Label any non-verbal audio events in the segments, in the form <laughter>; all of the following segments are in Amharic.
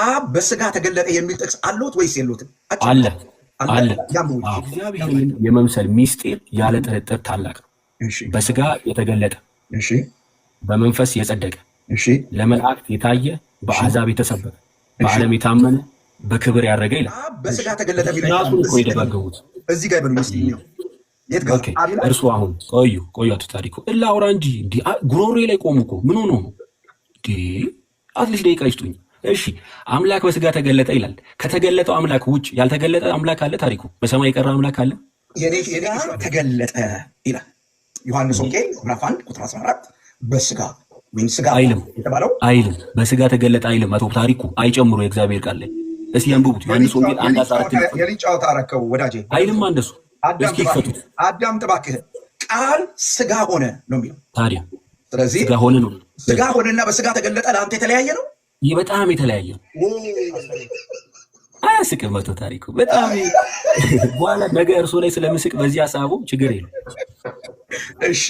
አብ በስጋ ተገለጠ የሚል ጥቅስ አለት ወይስ የሉትም? አለ አለ። እግዚአብሔርን የመምሰል ሚስጢር ያለ ጥርጥር ታላቅ ነው። በስጋ የተገለጠ በመንፈስ የጸደቀ ለመላእክት የታየ በአሕዛብ የተሰበከ በዓለም የታመነ በክብር ያደረገ ይላል። እርሱ አሁን ቆዩ ቆዩ፣ አቶ ታሪኩ እላውራ እንጂ ጉሮሬ ላይ ቆሙ እኮ ምን ሆኖ ነው? አትሊስት ደቂቃ ይስጡኝ። እሺ አምላክ በስጋ ተገለጠ ይላል። ከተገለጠው አምላክ ውጭ ያልተገለጠ አምላክ አለ? ታሪኩ በሰማይ የቀረ አምላክ አለ? የኔጋ ተገለጠ ይላል ዮሐንስ ወንጌል ምዕራፍ አንድ ቁጥር 14 በስጋ ወይም ስጋ አይልም የተባለው አይልም፣ በስጋ ተገለጠ አይልም። አቶ ታሪኩ አይጨምሩ የእግዚአብሔር ቃል ላይ እስኪ ያንብቡት። ዮሐንስ ወንጌል አንድ አስራ አራት የሊጫውታ አረከቡ ወዳጄ አይልም አንደሱ እስኪ አዳም ጥባክህ ቃል ስጋ ሆነ ነው የሚለው ታዲያ። ስለዚህ ስጋ ሆነ ነው ስጋ ሆነና በስጋ ተገለጠ ለአንተ የተለያየ ነው ይህ በጣም የተለያየ ነው። አያስቅም። መቶ ታሪኩ በጣም በኋላ ነገ እርሶ ላይ ስለምስቅ በዚህ ሀሳቡ ችግር የለም። እሺ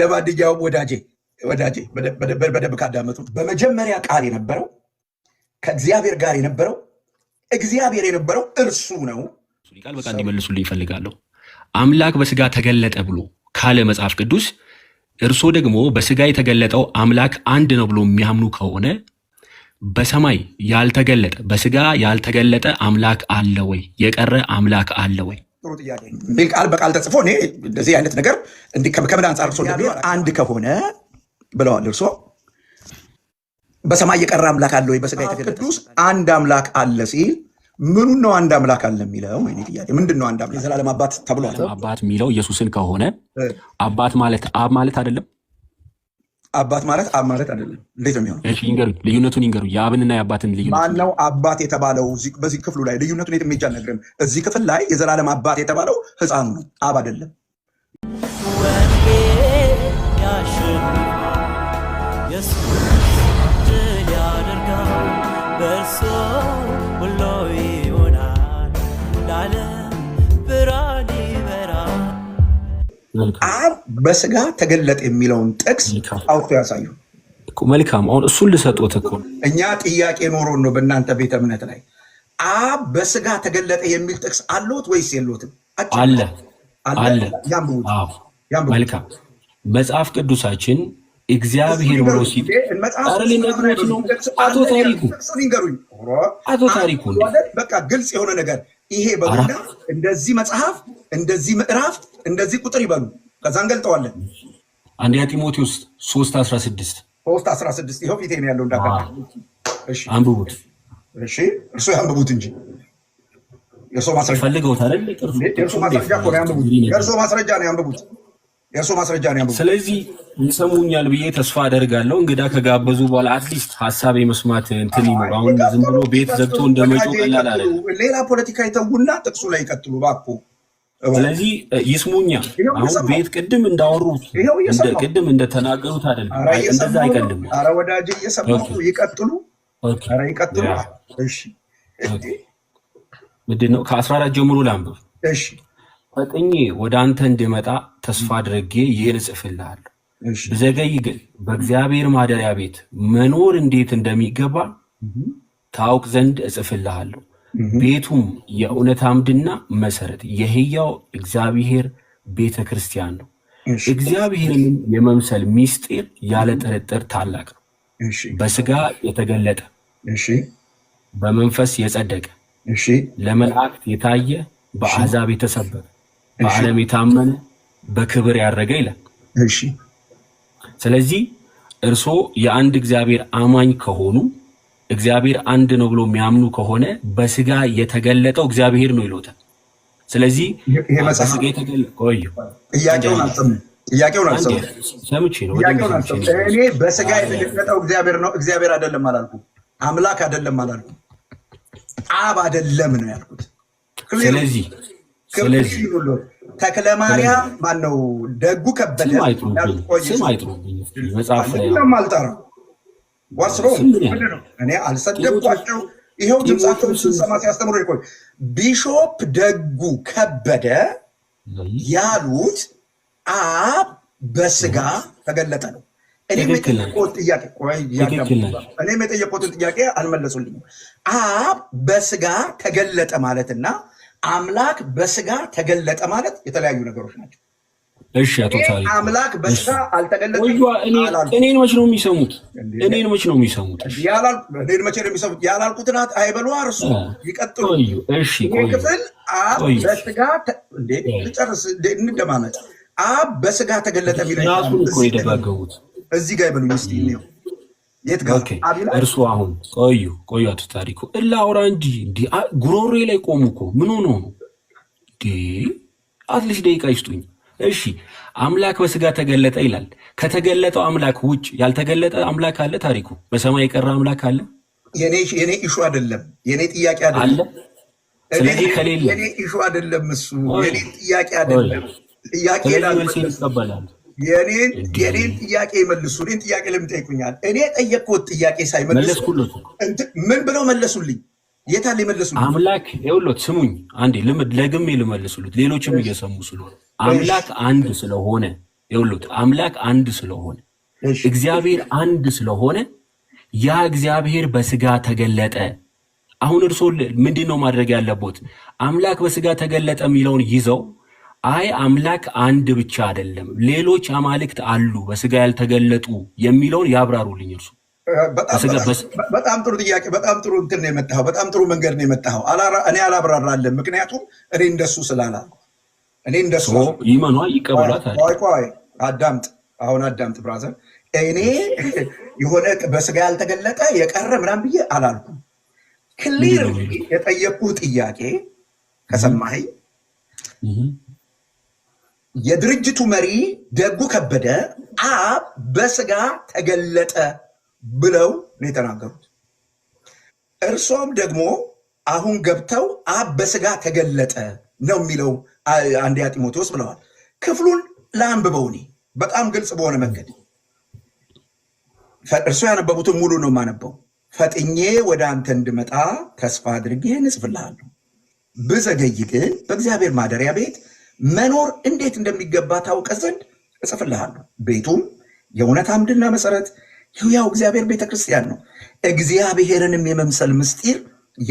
ለማንኛውም ወዳጄ ወዳጄ በደንብ ካዳመጡ በመጀመሪያ ቃል የነበረው ከእግዚአብሔር ጋር የነበረው እግዚአብሔር የነበረው እርሱ ነው። ቃል በቃ እንዲመልሱልኝ ይፈልጋለሁ። አምላክ በስጋ ተገለጠ ብሎ ካለ መጽሐፍ ቅዱስ እርሶ ደግሞ በስጋ የተገለጠው አምላክ አንድ ነው ብሎ የሚያምኑ ከሆነ በሰማይ ያልተገለጠ በስጋ ያልተገለጠ አምላክ አለ ወይ? የቀረ አምላክ አለ ወይ? ጥሩ ጥያቄ። ቃል በቃል ተጽፎ እኔ እንደዚህ አይነት ነገር ከምን አንጻር እርሶ አንድ ከሆነ ብለዋል። እርሶ በሰማይ የቀረ አምላክ አለ ወይ? በስጋ የተገለጠ ቅዱስ አንድ አምላክ አለ ሲል ምኑን ነው አንድ አምላክ አለ የሚለው? ወይ ጥያቄ ምንድን ነው? አንድ አምላክ የዘላለም አባት ተብሏል። አባት የሚለው ኢየሱስን ከሆነ አባት ማለት አብ ማለት አይደለም። አባት ማለት አብ ማለት አይደለም። እንዴት ነው የሚሆነው? እሺ ይንገሩ፣ ልዩነቱን ይንገሩ። የአብንና የአባትን ልዩነት ነው አባት የተባለው? በዚህ ክፍሉ ላይ ልዩነቱን የት የሚጃ እዚህ ክፍል ላይ የዘላለም አባት የተባለው ህፃኑ ነው፣ አብ አይደለም። አብ በስጋ ተገለጠ የሚለውን ጥቅስ አውጥቶ ያሳዩ። መልካም አሁን እሱን ልሰጦት እኮ እኛ ጥያቄ ኖሮን ነው በእናንተ ቤተ እምነት ላይ አብ በስጋ ተገለጠ የሚል ጥቅስ አለት ወይስ የለዎትም? አለ አለ። መልካም መጽሐፍ ቅዱሳችን እግዚአብሔር ብሎ ሲል ነው አቶ ታሪኩ አቶ ታሪኩ በቃ ግልጽ የሆነ ነገር ይሄ በቡና እንደዚህ መጽሐፍ እንደዚህ ምዕራፍ እንደዚህ ቁጥር ይበሉ፣ ከዛ እንገልጠዋለን። አንደኛ ጢሞቴዎስ ሶስት አስራ ስድስት ሶስት አስራ ስድስት ይኸው ፊቴ ያለው እንዳካ አንብቡት። እሺ እርሱ ያንብቡት እንጂ የእርሶ ማስረጃ ፈልገውት አይደል? የእርሶ ማስረጃ ነው ያንብቡት። የእርሶ ማስረጃ ነው ያንብቡት። የእርሶ ማስረጃ ነው ስለዚህ ይሰሙኛል ብዬ ተስፋ አደርጋለሁ። እንግዳ ከጋበዙ በኋላ አትሊስት ሀሳብ የመስማት እንትን ይኖር። አሁን ዝም ብሎ ቤት ዘግቶ እንደመጮ ቀላል አለ። ሌላ ፖለቲካ ይተውና ጥቅሱ ላይ ይቀጥሉ ባኮ ስለዚህ ይስሙኛ። አሁን ቤት ቅድም እንዳወሩት ቅድም እንደተናገሩት አይደለም፣ እንደዛ አይቀድም። አረ ወዳጅ እየሰማሁ ይቀጥሉ፣ አረ ይቀጥሉ። ምንድን ነው ከአስራ አራት ጀምሮ ላንብብ። ፈጥኜ ወደ አንተ እንድመጣ ተስፋ አድርጌ ይህን እጽፍልሃለሁ። ብዘገይ ግን በእግዚአብሔር ማደሪያ ቤት መኖር እንዴት እንደሚገባ ታውቅ ዘንድ እጽፍልሃለሁ። ቤቱም የእውነት አምድና መሰረት የህያው እግዚአብሔር ቤተ ክርስቲያን ነው። እግዚአብሔርንም የመምሰል ሚስጢር ያለ ጥርጥር ታላቅ ነው። በስጋ የተገለጠ በመንፈስ የጸደቀ ለመላእክት የታየ በአሕዛብ የተሰበረ በዓለም የታመነ በክብር ያረገ ይላል። ስለዚህ እርሶ የአንድ እግዚአብሔር አማኝ ከሆኑ እግዚአብሔር አንድ ነው ብሎ የሚያምኑ ከሆነ በስጋ የተገለጠው እግዚአብሔር ነው ይሉታል። ስለዚህ ጥያቄውን ሰምቼ ነው እኔ በስጋ የተገለጠው እግዚአብሔር ነው እግዚአብሔር አይደለም አላልኩም፣ አምላክ አይደለም አላልኩም፣ አብ አይደለም ነው ያልኩት። ስለዚህ ስለዚህ ተክለ ማርያም ማነው ደጉ ከበደ ስም አይጥሩብኝ መጽሐፍ ላይ ወስሮ እኔ አልሰደብኳቸው። ይኸው ድምፃቸውን ስንሰማ ሲያስተምሩ ይቆይ። ቢሾፕ ደጉ ከበደ ያሉት አብ በስጋ ተገለጠ ነው። እኔም የጠየቁትን ጥያቄ አልመለሱልኝም። አብ በስጋ ተገለጠ ማለትና አምላክ በስጋ ተገለጠ ማለት የተለያዩ ነገሮች ናቸው። እሺ አቶ ታሪ አምላክ በስራ አልተገለጠም። እኔን መች ነው የሚሰሙት? እኔን መች ነው የሚሰሙት? እኔን ነው የሚሰሙት? ያላልኩትን አይበሉ አርሱ ይቀጥሉ። እሺ ክፍል አብ በስጋ ልጨርስ፣ እንደማመጥ አብ በስጋ ተገለጠ ራሱን እኮ የደጋገቡት እዚህ ጋር ይበሉ ስ የት ጋር እርሱ አሁን ቆዩ ቆዩ፣ አቶ ታሪኩ እላውራ እንጂ እንዲህ ጉሮሬ ላይ ቆሙ እኮ ምን ሆኖ ነው? አትሊስት ደቂቃ ይስጡኝ። እሺ አምላክ በስጋ ተገለጠ ይላል። ከተገለጠው አምላክ ውጭ ያልተገለጠ አምላክ አለ? ታሪኩ በሰማይ የቀረ አምላክ አለ? የኔ ኢሹ አይደለም፣ የኔ ጥያቄ አይደለም። ስለዚህ ከሌለ የኔ ኢሹ አይደለም፣ እሱ የኔ ጥያቄ አይደለም። ጥያቄ የኔን ጥያቄ መልሱ። እኔን ጥያቄ ለምን ጠይቁኛል? እኔ ጠየቅኩት ጥያቄ ሳይመልስ ምን ብለው መለሱልኝ? የታ የመለሱ አምላክ ይኸውልዎት፣ ስሙኝ አንዴ ለግሜ ልመልሱሉት፣ ሌሎችም እየሰሙ ስለሆነ አምላክ አንድ ስለሆነ ይኸውልዎት፣ አምላክ አንድ ስለሆነ እግዚአብሔር አንድ ስለሆነ ያ እግዚአብሔር በስጋ ተገለጠ። አሁን እርሶ ምንድን ነው ማድረግ ያለቦት? አምላክ በስጋ ተገለጠ የሚለውን ይዘው አይ አምላክ አንድ ብቻ አይደለም ሌሎች አማልክት አሉ በስጋ ያልተገለጡ የሚለውን ያብራሩልኝ እርሱ በጣም ጥሩ ጥያቄ፣ በጣም ጥሩ እንትን ነው የመጣኸው። በጣም ጥሩ መንገድ ነው የመጣኸው። እኔ አላብራራለን፣ ምክንያቱም እኔ እንደሱ ስላላል እኔ እንደሱ ይመኗ ቆይ አዳምጥ፣ አሁን አዳምጥ ብራዘር። እኔ የሆነ በስጋ ያልተገለጠ የቀረ ምናም ብዬ አላልኩም። ክሊር የጠየቅኩህ ጥያቄ ከሰማኸኝ የድርጅቱ መሪ ደጉ ከበደ አብ በስጋ ተገለጠ ብለው ነው የተናገሩት። እርሷም ደግሞ አሁን ገብተው አብ በስጋ ተገለጠ ነው የሚለው አንድያ ጢሞቴዎስ ብለዋል። ክፍሉን ለአንብበው እኔ በጣም ግልጽ በሆነ መንገድ እርሶ ያነበቡትን ሙሉ ነው የማነበው። ፈጥኜ ወደ አንተ እንድመጣ ተስፋ አድርጌ እጽፍልሃለሁ። ብዘገይ ግን በእግዚአብሔር ማደሪያ ቤት መኖር እንዴት እንደሚገባ ታውቀ ዘንድ እጽፍልሃለሁ። ቤቱም የእውነት አምድና መሰረት ያው እግዚአብሔር ቤተ ክርስቲያን ነው። እግዚአብሔርንም የመምሰል ምስጢር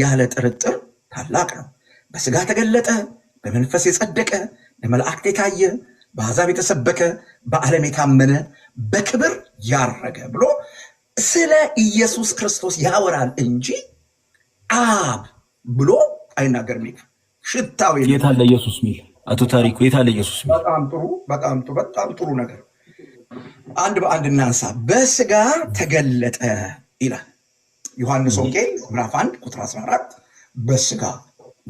ያለ ጥርጥር ታላቅ ነው። በስጋ ተገለጠ፣ በመንፈስ የጸደቀ፣ ለመላእክት የታየ፣ በአሕዛብ የተሰበከ፣ በዓለም የታመነ፣ በክብር ያረገ ብሎ ስለ ኢየሱስ ክርስቶስ ያወራል እንጂ አብ ብሎ አይናገርም። ሽታው የታለ ኢየሱስ ሚል አቶ ታሪኩ የታለ ኢየሱስ ሚል በጣም ጥሩ በጣም ጥሩ ነገር አንድ በአንድ እናንሳ። በስጋ ተገለጠ ይላል ዮሐንስ ወንጌል ምዕራፍ አንድ ቁጥር 14 በስጋ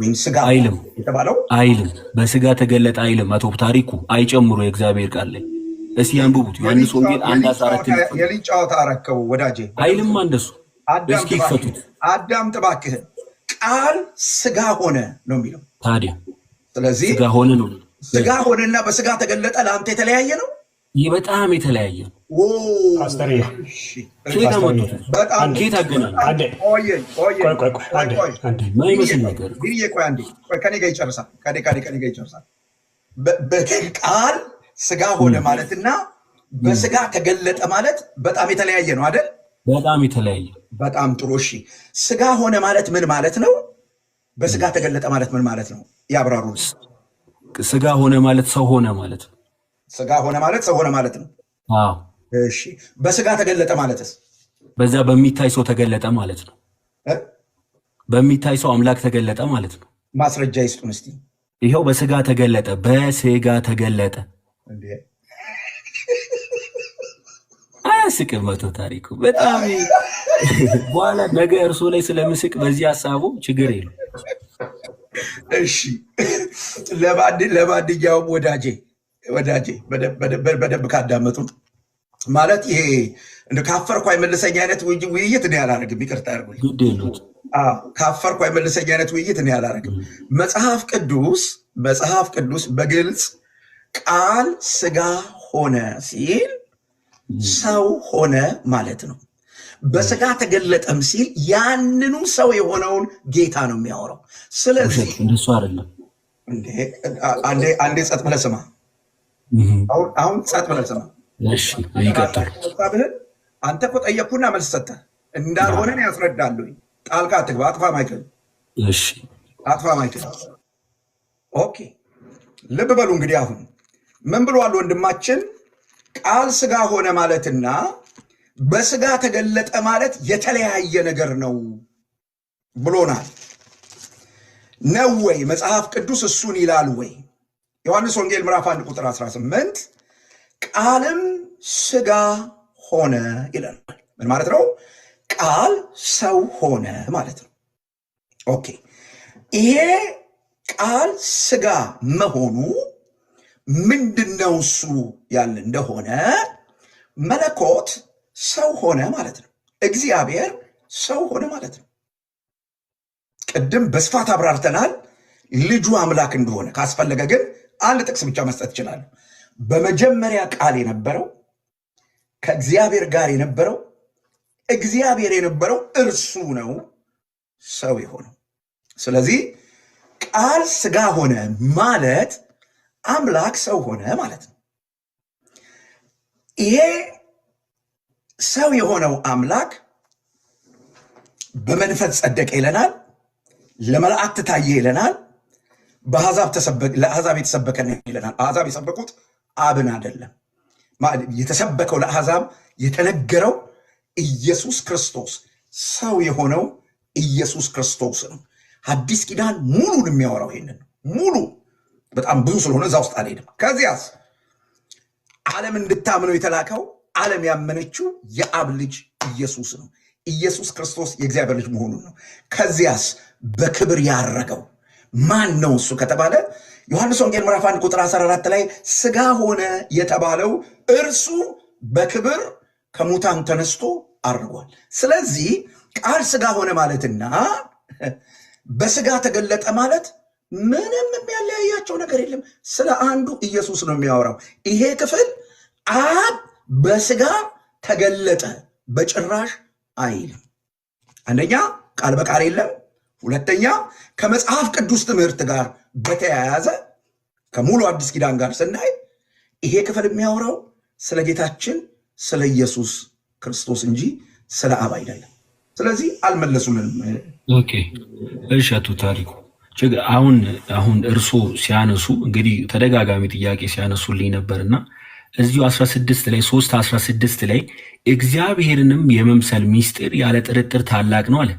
ወይም ስጋ አይልም የተባለው አይልም፣ በስጋ ተገለጠ አይልም። አቶ ታሪኩ አይጨምሩ የእግዚአብሔር ቃል ላይ እስኪ አንብቡት። ዮሐንስ ወንጌል አንድ አስራ አራት የልጅ ጨዋታ አረከቡ ወዳጄ አይልም። አንደሱ እስኪ ይፈቱት። አዳም ጥባክህን ቃል ስጋ ሆነ ነው የሚለው ታዲያ። ስለዚህ ስጋ ሆነ ነው ስጋ ሆነና በስጋ ተገለጠ ለአንተ የተለያየ ነው በጣም የተለያየ ነው። ቃል ስጋ ሆነ ማለትና በስጋ ተገለጠ ማለት በጣም የተለያየ ነው አይደል? በጣም የተለያየ። በጣም ጥሩ። እሺ፣ ስጋ ሆነ ማለት ምን ማለት ነው? በስጋ ተገለጠ ማለት ምን ማለት ነው? ያብራሩ። ስጋ ሆነ ማለት ሰው ሆነ ማለት ነው። ስጋ ሆነ ማለት ሰው ሆነ ማለት ነው። እሺ፣ በስጋ ተገለጠ ማለትስ? በዛ በሚታይ ሰው ተገለጠ ማለት ነው። በሚታይ ሰው አምላክ ተገለጠ ማለት ነው። ማስረጃ ይስጡን እስቲ። ይኸው በስጋ ተገለጠ፣ በስጋ ተገለጠ። አያስቅም? መቶ ታሪኩ በጣም <laughs> በኋላ ነገ እርሶ ላይ ስለምስቅ በዚህ ሀሳቡ ችግር የለም። እሺ፣ ለባድያውም ወዳጄ ወዳጄ በደንብ ካዳመጡት ማለት ይሄ እንደ ካፈርኩ አይመልሰኝ አይነት ውይይት እኔ አላረግም። ይቅርታ ያርጉልኝ። ካፈርኩ አይመልሰኝ አይነት ውይይት እኔ አላረግም። መጽሐፍ ቅዱስ መጽሐፍ ቅዱስ በግልጽ ቃል ስጋ ሆነ ሲል ሰው ሆነ ማለት ነው። በስጋ ተገለጠም ሲል ያንኑ ሰው የሆነውን ጌታ ነው የሚያወራው። ስለዚህ አንዴ ጸጥ ብለህ ስማ። አሁን ጻጥ ብለህ ስማ። ይቀጥልብህን አንተ እኮ ጠየቅኩና መልስ ሰጠህ እንዳልሆነ ያስረዳሉ። ጣልቃ አትግባ። አጥፋ ማይክል፣ አጥፋ ማይክል። ኦኬ ልብ በሉ እንግዲህ አሁን ምን ብሏል ወንድማችን? ቃል ስጋ ሆነ ማለትና በስጋ ተገለጠ ማለት የተለያየ ነገር ነው ብሎናል። ነው ወይ መጽሐፍ ቅዱስ እሱን ይላል ወይ? ዮሐንስ ወንጌል ምዕራፍ 1 ቁጥር 18 ቃልም ስጋ ሆነ ይለናል። ምን ማለት ነው? ቃል ሰው ሆነ ማለት ነው። ኦኬ ይሄ ቃል ስጋ መሆኑ ምንድነው? እሱ ያለ እንደሆነ መለኮት ሰው ሆነ ማለት ነው። እግዚአብሔር ሰው ሆነ ማለት ነው። ቅድም በስፋት አብራርተናል ልጁ አምላክ እንደሆነ ካስፈለገ ግን አንድ ጥቅስ ብቻ መስጠት ይችላሉ። በመጀመሪያ ቃል የነበረው ከእግዚአብሔር ጋር የነበረው እግዚአብሔር የነበረው እርሱ ነው ሰው የሆነው። ስለዚህ ቃል ስጋ ሆነ ማለት አምላክ ሰው ሆነ ማለት ነው። ይሄ ሰው የሆነው አምላክ በመንፈስ ጸደቀ ይለናል፣ ለመላእክት ታየ ይለናል ለአሕዛብ የተሰበከ ነው ይለናል። አሕዛብ የሰበኩት አብን አይደለም። የተሰበከው ለአሕዛብ የተነገረው ኢየሱስ ክርስቶስ ሰው የሆነው ኢየሱስ ክርስቶስ ነው። አዲስ ኪዳን ሙሉን የሚያወራው ይሄንን ሙሉ በጣም ብዙ ስለሆነ እዛ ውስጥ አልሄድም። ከዚያስ ዓለም እንድታምነው የተላከው ዓለም ያመነችው የአብ ልጅ ኢየሱስ ነው። ኢየሱስ ክርስቶስ የእግዚአብሔር ልጅ መሆኑን ነው። ከዚያስ በክብር ያረገው ማን ነው እሱ ከተባለ ዮሐንስ ወንጌል ምዕራፍ 1 ቁጥር 14 ላይ ስጋ ሆነ የተባለው እርሱ በክብር ከሙታን ተነስቶ አድርጓል። ስለዚህ ቃል ስጋ ሆነ ማለትና በስጋ ተገለጠ ማለት ምንም የሚያለያያቸው ነገር የለም። ስለ አንዱ ኢየሱስ ነው የሚያወራው ይሄ ክፍል። አብ በስጋ ተገለጠ በጭራሽ አይልም። አንደኛ ቃል በቃል የለም ሁለተኛ ከመጽሐፍ ቅዱስ ትምህርት ጋር በተያያዘ ከሙሉ አዲስ ኪዳን ጋር ስናይ ይሄ ክፍል የሚያወራው ስለ ጌታችን ስለ ኢየሱስ ክርስቶስ እንጂ ስለ አብ አይደለም። ስለዚህ አልመለሱልንም። እሺ አቶ ታሪኩ አሁን አሁን እርሶ ሲያነሱ እንግዲህ ተደጋጋሚ ጥያቄ ሲያነሱልኝ ነበርና እዚሁ 16 ላይ 3 16 ላይ እግዚአብሔርንም የመምሰል ሚስጢር ያለ ጥርጥር ታላቅ ነው አለ።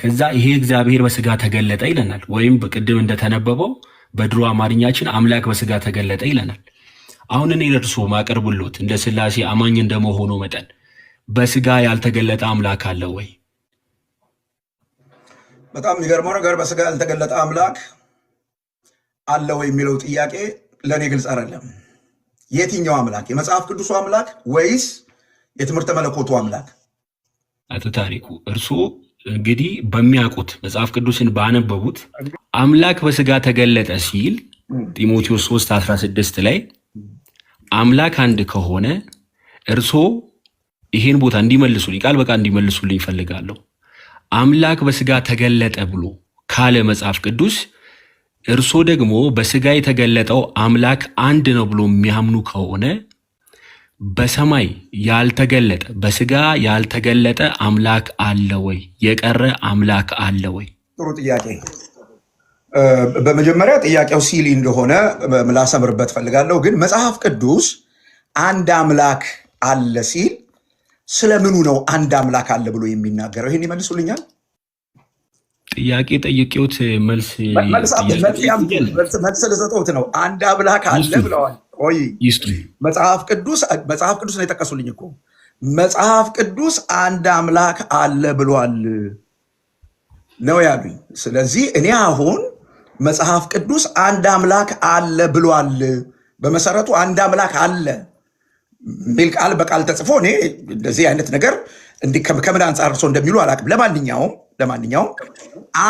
ከዛ ይሄ እግዚአብሔር በስጋ ተገለጠ ይለናል። ወይም በቅድም እንደተነበበው በድሮ አማርኛችን አምላክ በስጋ ተገለጠ ይለናል። አሁን እኔ ለእርሶ ማቀርብሎት እንደ ስላሴ አማኝ እንደመሆኑ መጠን በስጋ ያልተገለጠ አምላክ አለ ወይ? በጣም የሚገርመው ነገር በስጋ ያልተገለጠ አምላክ አለ ወይ የሚለው ጥያቄ ለእኔ ግልጽ አይደለም። የትኛው አምላክ? የመጽሐፍ ቅዱሱ አምላክ ወይስ የትምህርተ መለኮቱ አምላክ? አቶ ታሪኩ እርሶ እንግዲህ በሚያውቁት መጽሐፍ ቅዱስን ባነበቡት አምላክ በስጋ ተገለጠ ሲል ጢሞቴዎስ 3 16 ላይ አምላክ አንድ ከሆነ እርሶ ይሄን ቦታ እንዲመልሱልኝ ቃል በቃ እንዲመልሱልኝ ይፈልጋለሁ። አምላክ በስጋ ተገለጠ ብሎ ካለ መጽሐፍ ቅዱስ እርሶ ደግሞ በስጋ የተገለጠው አምላክ አንድ ነው ብሎ የሚያምኑ ከሆነ በሰማይ ያልተገለጠ በስጋ ያልተገለጠ አምላክ አለ ወይ? የቀረ አምላክ አለ ወይ? ጥሩ ጥያቄ። በመጀመሪያ ጥያቄው ሲሊ እንደሆነ ላሰምርበት ፈልጋለሁ። ግን መጽሐፍ ቅዱስ አንድ አምላክ አለ ሲል ስለምኑ ነው አንድ አምላክ አለ ብሎ የሚናገረው? ይህን ይመልሱልኛል። ጥያቄ ጠይቄዎት መልስ መልስ ልሰጠውት ነው። አንድ አምላክ አለ ብለዋል። ቆይ መጽሐፍ ቅዱስ መጽሐፍ ቅዱስ ነው የጠቀሱልኝ እኮ መጽሐፍ ቅዱስ አንድ አምላክ አለ ብሏል ነው ያሉኝ። ስለዚህ እኔ አሁን መጽሐፍ ቅዱስ አንድ አምላክ አለ ብሏል፣ በመሰረቱ አንድ አምላክ አለ ሚል ቃል በቃል ተጽፎ እኔ እንደዚህ አይነት ነገር ከምን አንጻር ሰው እንደሚሉ አላቅም። ለማንኛውም ለማንኛውም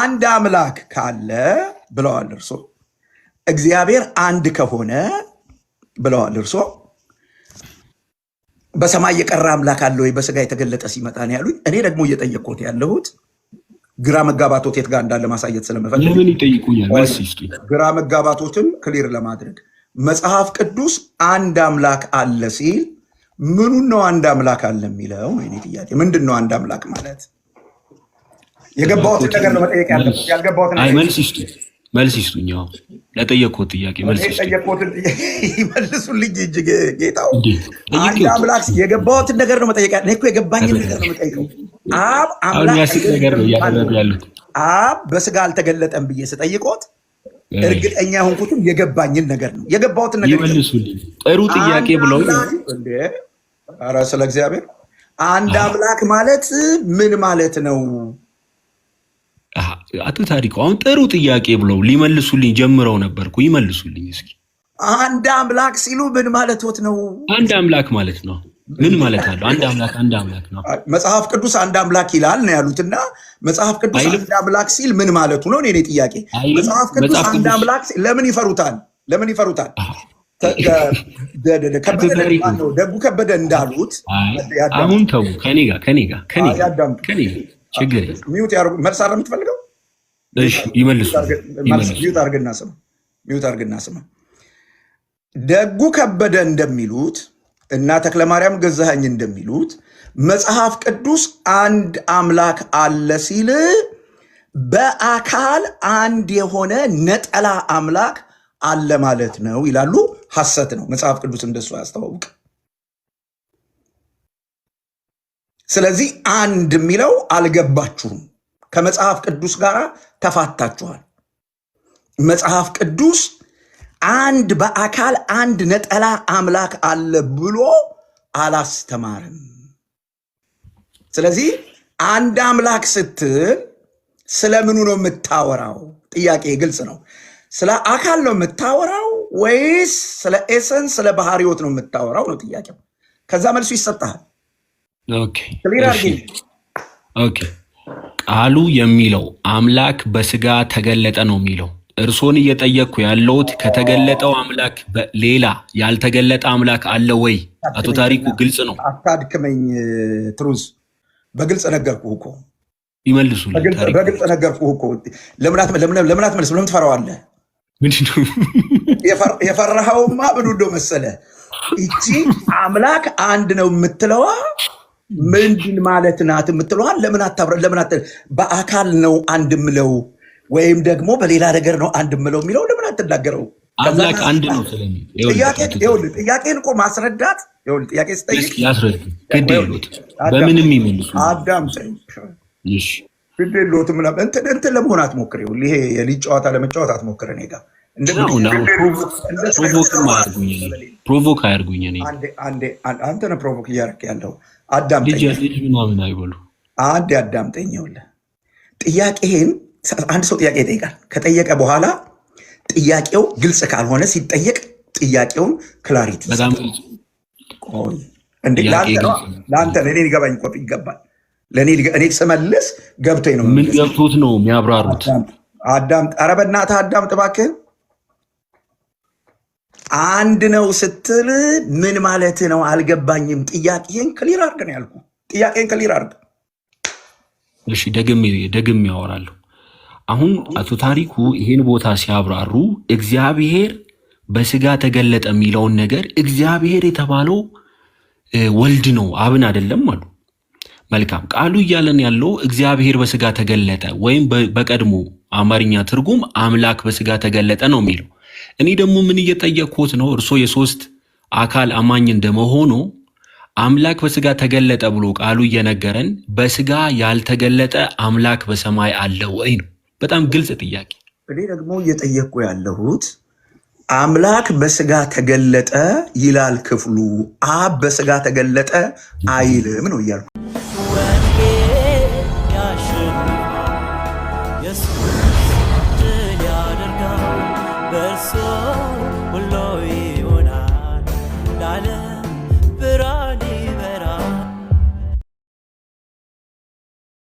አንድ አምላክ ካለ ብለዋል እርሶ እግዚአብሔር አንድ ከሆነ ብለዋል። እርሶ በሰማይ የቀረ አምላክ አለ ወይ በስጋ የተገለጠ ሲመጣ ነው ያሉኝ። እኔ ደግሞ እየጠየቅኩት ያለሁት ግራ መጋባቶት የት ጋር እንዳለ ማሳየት ስለመፈለግ ለምን ግራ መጋባቶትን ክሊር ለማድረግ መጽሐፍ ቅዱስ አንድ አምላክ አለ ሲል ምኑን ነው አንድ አምላክ አለ የሚለው? ወይኔ ጥያቄ ምንድን ነው አንድ አምላክ ማለት? የገባሁትን ነገር ነው መጠየቅ ያለበት። ያልገባሁትን መልስ ይስጡኝ። መልስ ይስጡኝ። ለጠየቅኩት ጥያቄ መልስ ጠየቅኩትን ጥያቄ ይመልሱልኝ እንጂ ጌታው፣ አንድ አምላክ የገባሁትን ነገር ነው መጠየቅ እኮ የገባኝን ነገር ነው መጠየቀው። አብ አምላክ ነገር ነው እያደረጉ ያሉት። አብ በስጋ አልተገለጠም ብዬ ስጠይቆት እርግጠኛ ሆንኩትም የገባኝን ነገር ነው የገባሁትን ነገር ይመልሱልኝ። ጥሩ ጥያቄ ብለው ኧረ ስለ እግዚአብሔር አንድ አምላክ ማለት ምን ማለት ነው? አቶ ታሪኩ አሁን ጥሩ ጥያቄ ብለው ሊመልሱልኝ ጀምረው ነበርኩ። ይመልሱልኝ እስኪ። አንድ አምላክ ሲሉ ምን ማለቶት ነው? አንድ አምላክ ማለት ነው ምን ማለት አለው? አንድ አምላክ አንድ አምላክ ነው። መጽሐፍ ቅዱስ አንድ አምላክ ይላል ነው ያሉትና መጽሐፍ ቅዱስ አንድ አምላክ ሲል ምን ማለቱ ነው? እኔ ጥያቄ መጽሐፍ ቅዱስ አንድ አምላክ ለምን ይፈሩታል? ለምን ይፈሩታል? ደጉ ከበደ እንዳሉት አሁን ተው፣ ከኔ ጋር ከኔ ጋር ከኔ ጋር ችግር ሚውት ያርጉ። መልስ አረ የምትፈልገው እሺ፣ አርግና ስማ፣ ሚውት አርግና ስማ። ደጉ ከበደ እንደሚሉት እና ተክለማርያም ገዛኸኝ እንደሚሉት መጽሐፍ ቅዱስ አንድ አምላክ አለ ሲል በአካል አንድ የሆነ ነጠላ አምላክ አለ ማለት ነው ይላሉ። ሐሰት ነው። መጽሐፍ ቅዱስ እንደሱ አያስተዋውቅ ስለዚህ አንድ የሚለው አልገባችሁም፣ ከመጽሐፍ ቅዱስ ጋር ተፋታችኋል። መጽሐፍ ቅዱስ አንድ በአካል አንድ ነጠላ አምላክ አለ ብሎ አላስተማርም። ስለዚህ አንድ አምላክ ስትል ስለምኑ ነው የምታወራው? ጥያቄ ግልጽ ነው። ስለ አካል ነው የምታወራው ወይስ ስለ ኤሰንስ ስለ ባህሪዎት ነው የምታወራው ነው ጥያቄው። ከዛ መልሱ ይሰጣል። ቃሉ የሚለው አምላክ በስጋ ተገለጠ ነው የሚለው። እርሶን እየጠየቅኩ ያለሁት ከተገለጠው አምላክ ሌላ ያልተገለጠ አምላክ አለ ወይ? አቶ ታሪኩ ግልጽ ነው። አታድክመኝ ትሩዝ፣ በግልጽ ነገርኩ እኮ ይመልሱ። በግልጽ ነገርኩህ እኮ ለምን አትመልስ? ለምን ትፈራዋለህ? የፈራኸውማ ምን እንደው መሰለህ፣ ይቺ አምላክ አንድ ነው የምትለዋ ምንድን ማለት ናት የምትለዋን ለምን አታብረ ለምን በአካል ነው አንድ ምለው ወይም ደግሞ በሌላ ነገር ነው አንድ ምለው የሚለው ለምን አትናገረው? አምላክ አንድ ነው። ጥያቄን እኮ ማስረዳት ጥያቄ ስጠይቅ ይመልሱ አዳም እንትን እንትን ለመሆን አትሞክር። ይሄ የልጅ ጨዋታ ለመጫወት አትሞክር። እኔ ጋር ፕሮቮክ አያርጉኝ። አንተ ነህ ፕሮቮክ እያደረክ ያለው አዳምጠኝ ምናምን አይበሉ። አንድ አዳምጠኝ። ይኸውልህ ጥያቄህን አንድ ሰው ጥያቄ ይጠይቃል። ከጠየቀ በኋላ ጥያቄው ግልጽ ካልሆነ ሲጠየቅ ጥያቄውን ክላሪቲ ለአንተ ለእኔ ሊገባኝ እኮ ይገባል። እኔ ስመልስ ገብቶኝ ነው። ምን ገብቶት ነው የሚያብራሩት? አዳምጥ። ኧረ በእናትህ አዳምጥ እባክህን አንድ ነው ስትል ምን ማለት ነው? አልገባኝም። ጥያቄን ክሊር አድርግ ነው ያልኩ። ጥያቄን ክሊር አድርግ። እሺ፣ ደግም ያወራሉ። አሁን አቶ ታሪኩ ይሄን ቦታ ሲያብራሩ እግዚአብሔር በስጋ ተገለጠ የሚለውን ነገር እግዚአብሔር የተባለው ወልድ ነው አብን አይደለም አሉ። መልካም ቃሉ እያለን ያለው እግዚአብሔር በስጋ ተገለጠ ወይም በቀድሞ አማርኛ ትርጉም አምላክ በስጋ ተገለጠ ነው የሚለው እኔ ደግሞ ምን እየጠየቅኩት ነው? እርሶ የሶስት አካል አማኝ እንደመሆኑ አምላክ በስጋ ተገለጠ ብሎ ቃሉ እየነገረን በስጋ ያልተገለጠ አምላክ በሰማይ አለ ወይ ነው። በጣም ግልጽ ጥያቄ። እኔ ደግሞ እየጠየቅኩ ያለሁት አምላክ በስጋ ተገለጠ ይላል ክፍሉ፣ አብ በስጋ ተገለጠ አይልም ነው እያልኩ